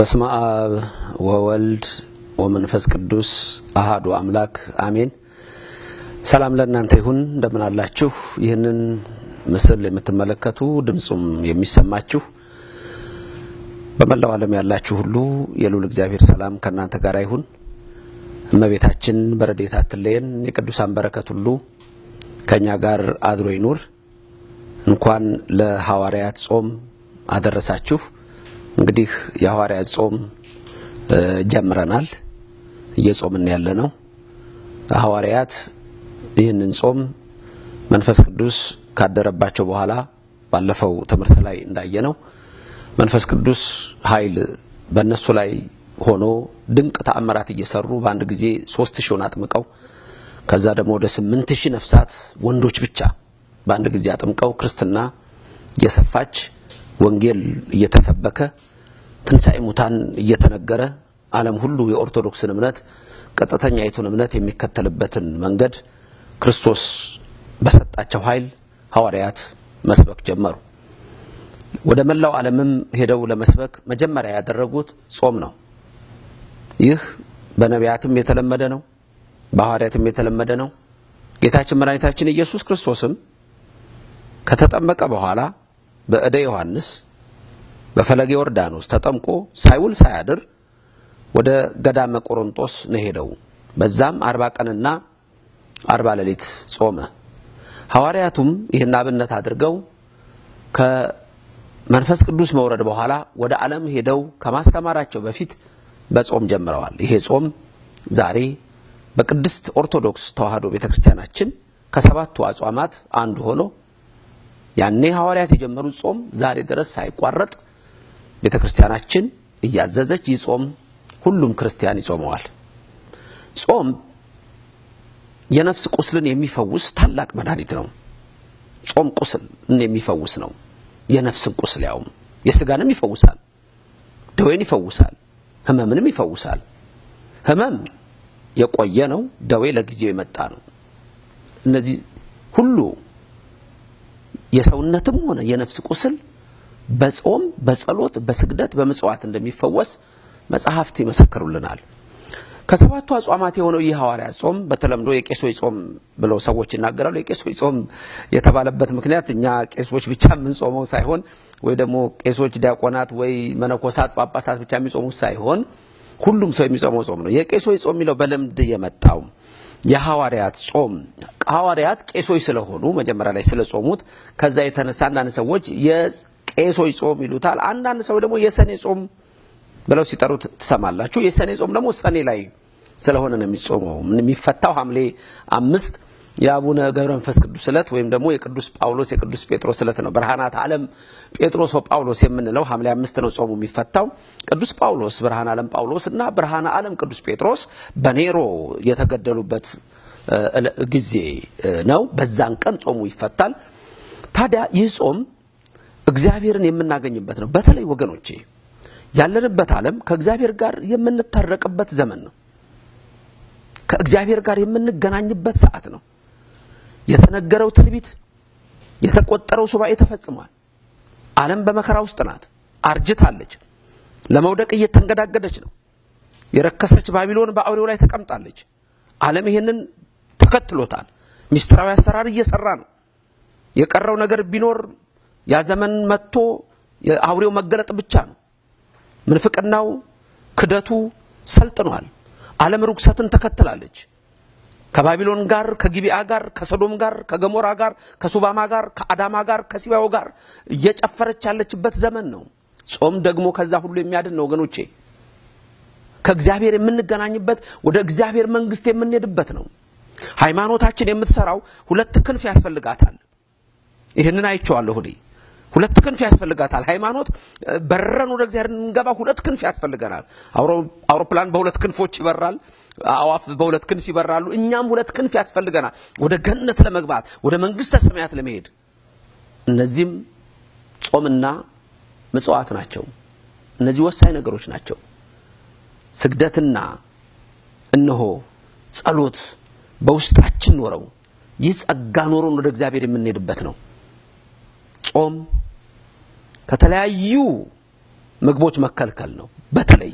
በስመ አብ ወወልድ ወመንፈስ ቅዱስ አሃዱ አምላክ አሜን። ሰላም ለእናንተ ይሁን። እንደምን አላችሁ? ይህንን ምስል የምትመለከቱ ድምፁም የሚሰማችሁ በመላው ዓለም ያላችሁ ሁሉ የልዑል እግዚአብሔር ሰላም ከእናንተ ጋር ይሁን። እመቤታችን በረድኤታ አትለየን። የቅዱሳን በረከት ሁሉ ከእኛ ጋር አድሮ ይኑር። እንኳን ለሐዋርያት ጾም አደረሳችሁ። እንግዲህ የሐዋርያ ጾም ጀምረናል፣ እየጾምን ያለ ነው። ሐዋርያት ይህንን ጾም መንፈስ ቅዱስ ካደረባቸው በኋላ ባለፈው ትምህርት ላይ እንዳየ ነው። መንፈስ ቅዱስ ኃይል በእነሱ ላይ ሆኖ ድንቅ ተአምራት እየሰሩ በአንድ ጊዜ ሶስት ሺውን አጥምቀው ከዛ ደግሞ ወደ ስምንት ሺህ ነፍሳት ወንዶች ብቻ በአንድ ጊዜ አጥምቀው ክርስትና እየሰፋች ወንጌል እየተሰበከ ትንሣኤ ሙታን እየተነገረ ዓለም ሁሉ የኦርቶዶክስን እምነት ቀጥተኛይቱን እምነት የሚከተልበትን መንገድ ክርስቶስ በሰጣቸው ኃይል ሐዋርያት መስበክ ጀመሩ። ወደ መላው ዓለምም ሄደው ለመስበክ መጀመሪያ ያደረጉት ጾም ነው። ይህ በነቢያትም የተለመደ ነው፣ በሐዋርያትም የተለመደ ነው። ጌታችን መድኃኒታችን ኢየሱስ ክርስቶስም ከተጠመቀ በኋላ በእደ ዮሐንስ በፈለገ ዮርዳኖስ ተጠምቆ ሳይውል ሳያድር ወደ ገዳመ ቆሮንጦስ ነው ሄደው። በዛም አርባ ቀንና አርባ ሌሊት ጾመ። ሐዋርያቱም ይህን አብነት አድርገው ከመንፈስ ቅዱስ መውረድ በኋላ ወደ ዓለም ሄደው ከማስተማራቸው በፊት በጾም ጀምረዋል። ይሄ ጾም ዛሬ በቅድስት ኦርቶዶክስ ተዋሕዶ ቤተ ክርስቲያናችን ከሰባቱ አጽዋማት አንዱ ሆኖ ያኔ ሐዋርያት የጀመሩት ጾም ዛሬ ድረስ ሳይቋረጥ ቤተ ክርስቲያናችን እያዘዘች ይጾም ሁሉም ክርስቲያን ይጾመዋል። ጾም የነፍስ ቁስልን የሚፈውስ ታላቅ መድኃኒት ነው። ጾም ቁስልን የሚፈውስ ነው። የነፍስን ቁስል ያውም የስጋንም ይፈውሳል፣ ደዌን ይፈውሳል፣ ህመምንም ይፈውሳል። ህመም የቆየ ነው፣ ደዌ ለጊዜው የመጣ ነው። እነዚህ ሁሉ የሰውነትም ሆነ የነፍስ ቁስል በጾም በጸሎት በስግደት በምጽዋት እንደሚፈወስ መጽሐፍት ይመሰክሩልናል። ከሰባቱ አጽዋማት የሆነው ይህ ሐዋርያ ጾም በተለምዶ የቄሶች ጾም ብለው ሰዎች ይናገራሉ። የቄሶች ጾም የተባለበት ምክንያት እኛ ቄሶች ብቻ የምንጾመው ሳይሆን ወይ ደግሞ ቄሶች፣ ዲያቆናት ወይ መነኮሳት፣ ጳጳሳት ብቻ የሚጾሙት ሳይሆን ሁሉም ሰው የሚጾመው ጾም ነው። የቄሶች ጾም የሚለው በልምድ የመጣው የሐዋርያት ጾም ሐዋርያት ቄሶች ስለሆኑ መጀመሪያ ላይ ስለጾሙት ከዛ የተነሳ አንዳንድ ሰዎች ቄሶች ጾም ይሉታል። አንዳንድ ሰው ደግሞ የሰኔ ጾም ብለው ሲጠሩ ትሰማላችሁ። የሰኔ ጾም ደግሞ ሰኔ ላይ ስለሆነ ነው የሚጾመው የሚፈታው ሐምሌ አምስት የአቡነ ገብረ መንፈስ ቅዱስ ዕለት ወይም ደግሞ የቅዱስ ጳውሎስ የቅዱስ ጴጥሮስ ዕለት ነው። ብርሃናት ዓለም ጴጥሮስ ጳውሎስ የምንለው ሐምሌ አምስት ነው ጾሙ የሚፈታው። ቅዱስ ጳውሎስ ብርሃነ ዓለም ጳውሎስ እና ብርሃነ ዓለም ቅዱስ ጴጥሮስ በኔሮ የተገደሉበት ጊዜ ነው። በዛን ቀን ጾሙ ይፈታል። ታዲያ ይህ ጾም እግዚአብሔርን የምናገኝበት ነው። በተለይ ወገኖቼ ያለንበት ዓለም ከእግዚአብሔር ጋር የምንታረቅበት ዘመን ነው። ከእግዚአብሔር ጋር የምንገናኝበት ሰዓት ነው። የተነገረው ትንቢት፣ የተቆጠረው ሱባኤ ተፈጽሟል። ዓለም በመከራ ውስጥ ናት፣ አርጅታለች፣ ለመውደቅ እየተንገዳገደች ነው። የረከሰች ባቢሎን በአውሬው ላይ ተቀምጣለች። ዓለም ይህንን ተከትሎታል። ሚስጥራዊ አሰራር እየሰራ ነው። የቀረው ነገር ቢኖር ያ ዘመን መጥቶ የአውሬው መገለጥ ብቻ ነው። ምንፍቅናው፣ ክደቱ ሰልጥኗል። ዓለም ርኩሰትን ተከትላለች። ከባቢሎን ጋር፣ ከጊቢአ ጋር፣ ከሰዶም ጋር፣ ከገሞራ ጋር፣ ከሱባማ ጋር፣ ከአዳማ ጋር፣ ከሲባዮ ጋር እየጨፈረች ያለችበት ዘመን ነው። ጾም ደግሞ ከዛ ሁሉ የሚያድን ነው ወገኖቼ። ከእግዚአብሔር የምንገናኝበት ወደ እግዚአብሔር መንግስት የምንሄድበት ነው። ሃይማኖታችን የምትሰራው ሁለት ክንፍ ያስፈልጋታል። ይህንን አይቼዋለሁ እኔ። ሁለት ክንፍ ያስፈልጋታል ሃይማኖት። በረን ወደ እግዚአብሔር እንገባ፣ ሁለት ክንፍ ያስፈልገናል። አውሮፕላን በሁለት ክንፎች ይበራል። አዋፍ በሁለት ክንፍ ይበራሉ። እኛም ሁለት ክንፍ ያስፈልገናል ወደ ገነት ለመግባት ወደ መንግስተ ሰማያት ለመሄድ። እነዚህም ጾምና ምጽዋት ናቸው። እነዚህ ወሳኝ ነገሮች ናቸው። ስግደትና እነሆ ጸሎት በውስጣችን ኖረው ይህ ጸጋ ኖሮን ወደ እግዚአብሔር የምንሄድበት ነው። ጾም ከተለያዩ ምግቦች መከልከል ነው። በተለይ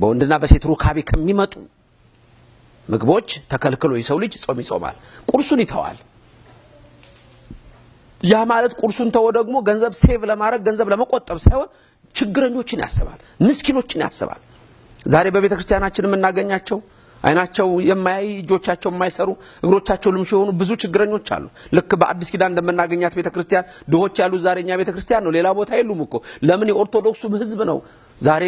በወንድና በሴት ሩካቤ ከሚመጡ ምግቦች ተከልክሎ የሰው ልጅ ጾም ይጾማል፣ ቁርሱን ይተዋል። ያ ማለት ቁርሱን ተወ ደግሞ ገንዘብ ሴቭ ለማድረግ ገንዘብ ለመቆጠብ ሳይሆን ችግረኞችን ያስባል፣ ምስኪኖችን ያስባል። ዛሬ በቤተ ክርስቲያናችን የምናገኛቸው አይናቸው የማያይ እጆቻቸው የማይሰሩ እግሮቻቸው ልምሹ የሆኑ ብዙ ችግረኞች አሉ። ልክ በአዲስ ኪዳን እንደምናገኛት ቤተ ክርስቲያን ድሆች ያሉት ዛሬ እኛ ቤተ ክርስቲያን ነው። ሌላ ቦታ የሉም እኮ። ለምን? የኦርቶዶክሱ ህዝብ ነው። ዛሬ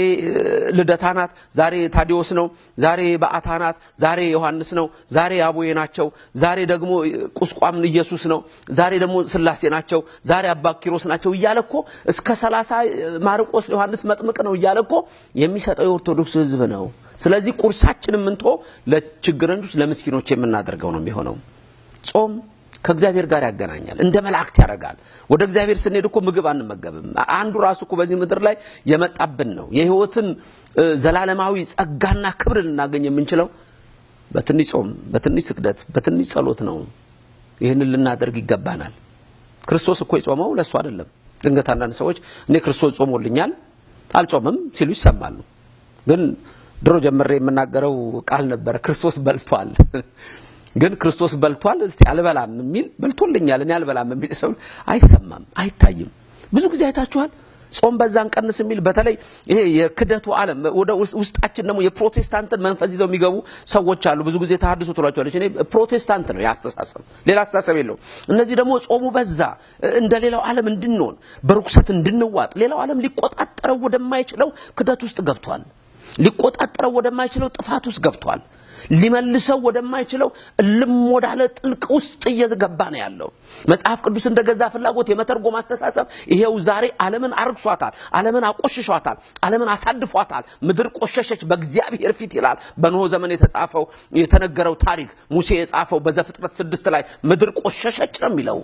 ልደታ ናት፣ ዛሬ ታዲዮስ ነው፣ ዛሬ በአታ ናት፣ ዛሬ ዮሐንስ ነው፣ ዛሬ አቡዬ ናቸው፣ ዛሬ ደግሞ ቁስቋም ኢየሱስ ነው፣ ዛሬ ደግሞ ስላሴ ናቸው፣ ዛሬ አባ ኪሮስ ናቸው እያለ እኮ እስከ ሰላሳ ማርቆስ ዮሐንስ መጥምቅ ነው እያለ እኮ የሚሰጠው የኦርቶዶክስ ህዝብ ነው። ስለዚህ ቁርሳችን የምንተው ለችግረኞች ለምስኪኖች የምናደርገው ነው የሚሆነው። ጾም ከእግዚአብሔር ጋር ያገናኛል፣ እንደ መላእክት ያደርጋል። ወደ እግዚአብሔር ስንሄድ እኮ ምግብ አንመገብም። አንዱ ራሱ እኮ በዚህ ምድር ላይ የመጣብን ነው። የህይወትን ዘላለማዊ ጸጋና ክብር ልናገኝ የምንችለው በትንሽ ጾም፣ በትንሽ ስግደት፣ በትንሽ ጸሎት ነው። ይህንን ልናደርግ ይገባናል። ክርስቶስ እኮ የጾመው ለእሱ አይደለም። ድንገት አንዳንድ ሰዎች እኔ ክርስቶስ ጾሞልኛል አልጾምም ሲሉ ይሰማሉ ግን ድሮ ጀምሬ የምናገረው ቃል ነበረ፣ ክርስቶስ በልቷል። ግን ክርስቶስ በልቷል እስቲ አልበላም የሚል በልቶልኛል፣ እኔ አልበላም የሚል ሰው አይሰማም፣ አይታይም። ብዙ ጊዜ አይታችኋል። ጾም በዛን ቀንስ የሚል በተለይ ይሄ የክደቱ ዓለም ወደ ውስጣችን ደግሞ የፕሮቴስታንትን መንፈስ ይዘው የሚገቡ ሰዎች አሉ። ብዙ ጊዜ ተሐድሶ ትሏቸዋለች። እኔ ፕሮቴስታንት ነው የአስተሳሰብ ሌላ አስተሳሰብ የለው። እነዚህ ደግሞ ጾሙ በዛ እንደ ሌላው ዓለም እንድንሆን በርኩሰት እንድንዋጥ ሌላው ዓለም ሊቆጣጠረው ወደማይችለው ክደት ውስጥ ገብቷል። ሊቆጣጠረው ወደማይችለው ጥፋት ውስጥ ገብቷል። ሊመልሰው ወደማይችለው እልም ወዳለ ጥልቅ ውስጥ እየገባ ነው ያለው። መጽሐፍ ቅዱስ እንደ ገዛ ፍላጎት የመተርጎም አስተሳሰብ ይሄው ዛሬ ዓለምን አርግሷታል፣ ዓለምን አቆሽሿታል፣ ዓለምን አሳድፏታል። ምድር ቆሸሸች በእግዚአብሔር ፊት ይላል በኖህ ዘመን የተጻፈው የተነገረው ታሪክ ሙሴ የጻፈው በዘፍጥረት ስድስት ላይ ምድር ቆሸሸች ነው የሚለው።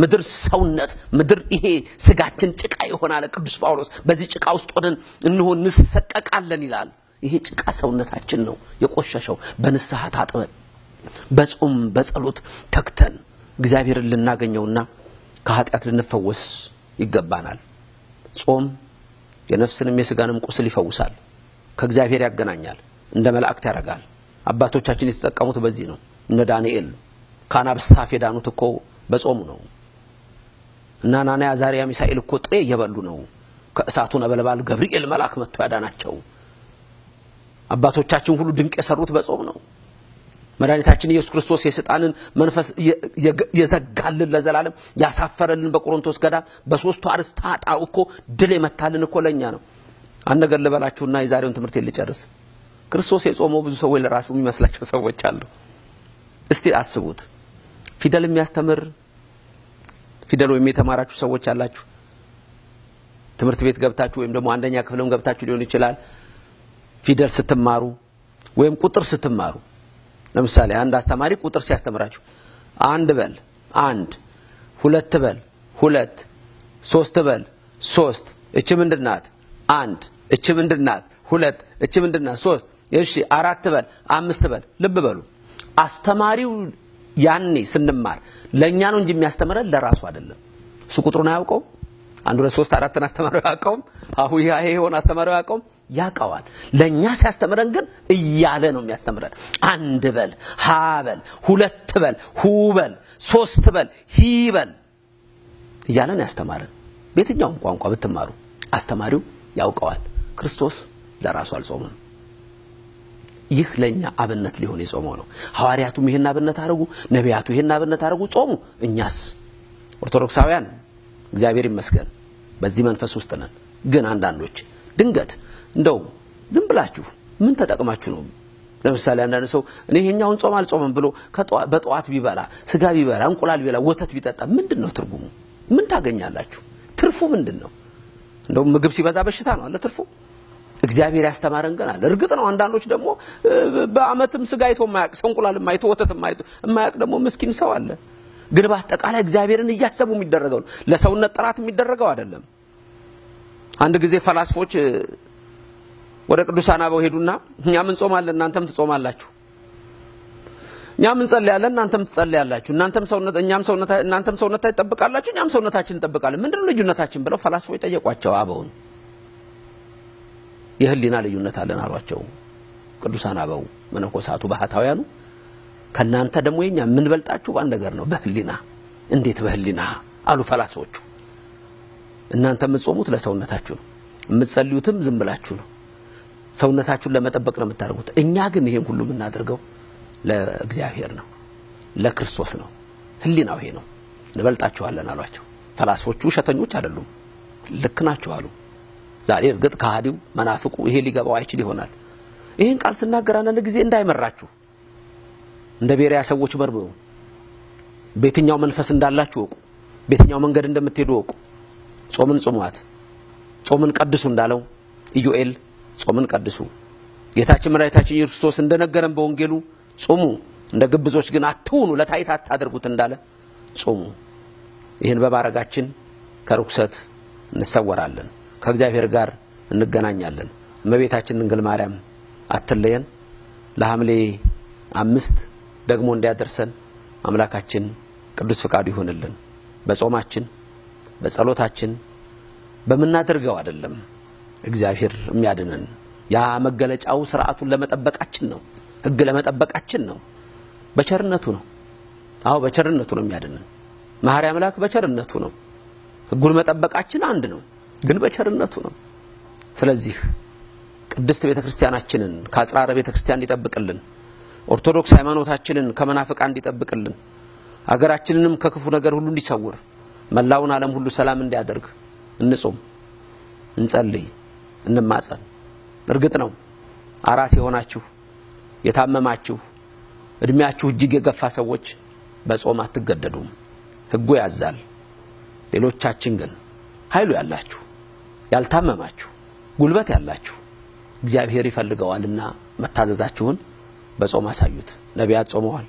ምድር ሰውነት ምድር ይሄ ስጋችን ጭቃ ይሆናል። ቅዱስ ጳውሎስ በዚህ ጭቃ ውስጥ ሆነን እንሆ እንሰቀቃለን ይላል። ይሄ ጭቃ ሰውነታችን ነው የቆሸሸው። በንስሐ ታጥበን በጾም በጸሎት ተክተን እግዚአብሔርን ልናገኘውና ከኃጢአት ልንፈወስ ይገባናል። ጾም የነፍስንም የስጋንም ቁስል ይፈውሳል፣ ከእግዚአብሔር ያገናኛል፣ እንደ መላእክት ያደርጋል። አባቶቻችን የተጠቀሙት በዚህ ነው። እነ ዳንኤል ከአናብስት አፍ የዳኑት እኮ በጾሙ ነው። እና አናንያ አዛርያ ሚሳኤል እኮ ጥሬ እየበሉ ነው። ከእሳቱ ነበልባል ገብርኤል መልአክ መጥቶ ያዳናቸው። አባቶቻችን ሁሉ ድንቅ የሰሩት በጾም ነው። መድኃኒታችን ኢየሱስ ክርስቶስ የሰይጣንን መንፈስ የዘጋልን ለዘላለም ያሳፈረልን በቆሮንቶስ ገዳም በሶስቱ አርዕስተ ኃጣውእ እኮ ድል የመታልን እኮ ለእኛ ነው። አንድ ነገር ልበላችሁና የዛሬውን ትምህርት ልጨርስ። ክርስቶስ የጾመው ብዙ ሰዎች ለራሱ የሚመስላቸው ሰዎች አሉ። እስቲ አስቡት። ፊደል የሚያስተምር ፊደል ወይም የተማራችሁ ሰዎች አላችሁ። ትምህርት ቤት ገብታችሁ ወይም ደግሞ አንደኛ ክፍልም ገብታችሁ ሊሆን ይችላል። ፊደል ስትማሩ ወይም ቁጥር ስትማሩ፣ ለምሳሌ አንድ አስተማሪ ቁጥር ሲያስተምራችሁ አንድ በል አንድ፣ ሁለት በል ሁለት፣ ሶስት በል ሶስት። እች ምንድናት? አንድ። እች ምንድናት? ሁለት። እች ምንድናት? ሶስት። እሺ አራት በል አምስት በል። ልብ በሉ አስተማሪው ያኔ ስንማር ለእኛ ነው እንጂ የሚያስተምረን ለራሱ አይደለም። እሱ ቁጥሩን አያውቀውም። አንድ ሁለት ሶስት አራትን አስተማሪው ያውቀውም። አሁ ይሄ የሆነ አስተማሪው ያውቀውም ያውቀዋል። ለእኛ ሲያስተምረን ግን እያለ ነው የሚያስተምረን። አንድ በል፣ ሀ በል፣ ሁለት በል፣ ሁ በል፣ ሶስት በል፣ ሂ በል እያለ ነው ያስተማረን። በየትኛውም ቋንቋ ብትማሩ አስተማሪው ያውቀዋል። ክርስቶስ ለራሱ አልጾምም። ይህ ለእኛ አብነት ሊሆን የጾመው ነው። ሐዋርያቱም ይህን አብነት አደረጉ፣ ነቢያቱ ይህን አብነት አረጉ ጾሙ። እኛስ ኦርቶዶክሳውያን እግዚአብሔር ይመስገን በዚህ መንፈስ ውስጥ ነን። ግን አንዳንዶች ድንገት እንደው ዝም ብላችሁ ምን ተጠቅማችሁ ነው? ለምሳሌ አንዳንድ ሰው እኔ ይሄኛውን ጾም አልጾምም ብሎ በጠዋት ቢበላ ስጋ ቢበላ እንቁላል ቢበላ ወተት ቢጠጣ ምንድን ነው ትርጉሙ? ምን ታገኛላችሁ? ትርፉ ምንድን ነው? እንደውም ምግብ ሲበዛ በሽታ ነው አለ ትርፉ እግዚአብሔር ያስተማረን ግን አለ። እርግጥ ነው አንዳንዶች ደግሞ በአመትም ስጋ አይቶ የማያውቅ ሰው እንቁላል የማይቶ ወተት የማያውቅ ደግሞ ምስኪን ሰው አለ። ግን በአጠቃላይ እግዚአብሔርን እያሰቡ የሚደረገው ነው፣ ለሰውነት ጥራት የሚደረገው አይደለም። አንድ ጊዜ ፈላስፎች ወደ ቅዱሳን አበው ሄዱና እኛም እንጾማለን እናንተም ትጾማላችሁ፣ እኛም እንጸልያለን እናንተም ትጸልያላችሁ፣ እናንተም ሰውነት እኛም ሰውነት እናንተም ሰውነት ትጠብቃላችሁ፣ እኛም ሰውነታችን እንጠብቃለን። ምንድነው ልዩነታችን ብለው ፈላስፎች ጠየቋቸው አበውን የህሊና ልዩነት አለን አሏቸው ቅዱሳን አበው መነኮሳቱ ባህታውያኑ። ከናንተ ደግሞ የኛ የምንበልጣችሁ በአንድ ነገር ነው፣ በህሊና እንዴት በህሊና አሉ ፈላሶቹ። እናንተ የምትጾሙት ለሰውነታችሁ ነው፣ የምትጸልዩትም ዝም ብላችሁ ነው፣ ሰውነታችሁን ለመጠበቅ ነው የምታደርጉት። እኛ ግን ይሄን ሁሉ የምናደርገው ለእግዚአብሔር ነው፣ ለክርስቶስ ነው። ህሊናው ይሄ ነው፣ እንበልጣችኋለን አሏቸው። ፈላሶቹ ውሸተኞች አይደሉም፣ ልክ አሉ። ዛሬ እርግጥ ከሃዲው መናፍቁ ይሄ ሊገባው አይችል ይሆናል። ይህን ቃል ስናገር አንዳንድ ጊዜ እንዳይመራችሁ እንደ ቤሪያ ሰዎች መርምሩ። በየትኛው መንፈስ እንዳላችሁ ወቁ። በየትኛው መንገድ እንደምትሄዱ ወቁ። ጾምን ጽሟት፣ ጾምን ቀድሱ እንዳለው ኢዮኤል ጾምን ቀድሱ። ጌታችን መድኃኒታችን ኢየሱስ ክርስቶስ እንደነገረን በወንጌሉ ጾሙ፣ እንደ ግብዞች ግን አትሁኑ፣ ለታይታ አታድርጉት እንዳለ ጾሙ። ይህን በማድረጋችን ከርኩሰት እንሰወራለን። ከእግዚአብሔር ጋር እንገናኛለን። እመቤታችን ድንግል ማርያም አትለየን። ለሐምሌ አምስት ደግሞ እንዲያደርሰን አምላካችን ቅዱስ ፍቃዱ ይሆንልን። በጾማችን በጸሎታችን በምናደርገው አይደለም እግዚአብሔር የሚያድነን። ያ መገለጫው ስርዓቱን ለመጠበቃችን ነው፣ ህግ ለመጠበቃችን ነው፣ በቸርነቱ ነው። አዎ በቸርነቱ ነው የሚያድነን። መሐሪ አምላክ በቸርነቱ ነው። ህጉን መጠበቃችን አንድ ነው። ግን በቸርነቱ ነው። ስለዚህ ቅድስት ቤተ ክርስቲያናችንን ከአጽራረ ቤተ ክርስቲያን እንዲጠብቅልን፣ ኦርቶዶክስ ሃይማኖታችንን ከመናፍቃ እንዲጠብቅልን፣ አገራችንንም ከክፉ ነገር ሁሉ እንዲሰውር፣ መላውን ዓለም ሁሉ ሰላም እንዲያደርግ እንጹም፣ እንጸልይ፣ እንማጸን። እርግጥ ነው አራስ የሆናችሁ የታመማችሁ፣ እድሜያችሁ እጅግ የገፋ ሰዎች በጾም አትገደዱም፣ ሕጉ ያዛል። ሌሎቻችን ግን ኃይሉ ያላችሁ ያልታመማችሁ ጉልበት ያላችሁ እግዚአብሔር ይፈልገዋልና መታዘዛችሁን በጾም አሳዩት። ነቢያት ጾመዋል፣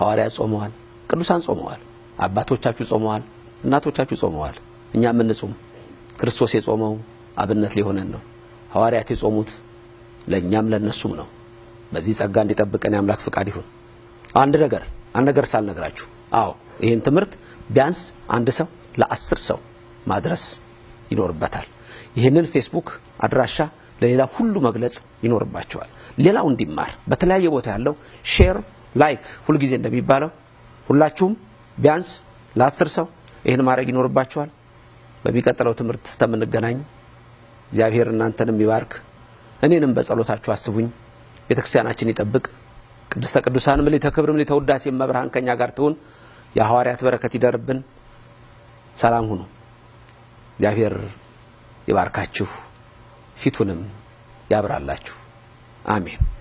ሐዋርያት ጾመዋል፣ ቅዱሳን ጾመዋል፣ አባቶቻችሁ ጾመዋል፣ እናቶቻችሁ ጾመዋል። እኛ የምንጾም ክርስቶስ የጾመው አብነት ሊሆነን ነው። ሐዋርያት የጾሙት ለእኛም ለእነሱም ነው። በዚህ ጸጋ እንዲጠብቀን የአምላክ ፍቃድ ይሁን። አንድ ነገር አንድ ነገር ሳልነግራችሁ፣ አዎ ይህን ትምህርት ቢያንስ አንድ ሰው ለአስር ሰው ማድረስ ይኖርበታል። ይህንን ፌስቡክ አድራሻ ለሌላ ሁሉ መግለጽ ይኖርባቸዋል። ሌላው እንዲማር በተለያየ ቦታ ያለው ሼር፣ ላይክ ሁልጊዜ እንደሚባለው ሁላችሁም ቢያንስ ለአስር ሰው ይህን ማድረግ ይኖርባቸዋል። በሚቀጥለው ትምህርት እስከምንገናኝ እግዚአብሔር እናንተንም ይባርክ፣ እኔንም በጸሎታችሁ አስቡኝ፣ ቤተክርስቲያናችን ይጠብቅ። ቅድስተ ቅዱሳን ምልዕተ ክብር ምልዕተ ውዳሴ መብርሃን ከኛ ጋር ትሁን። የሐዋርያት በረከት ይደርብን። ሰላም ሁኑ። እግዚአብሔር ይባርካችሁ፣ ፊቱንም ያብራላችሁ። አሜን።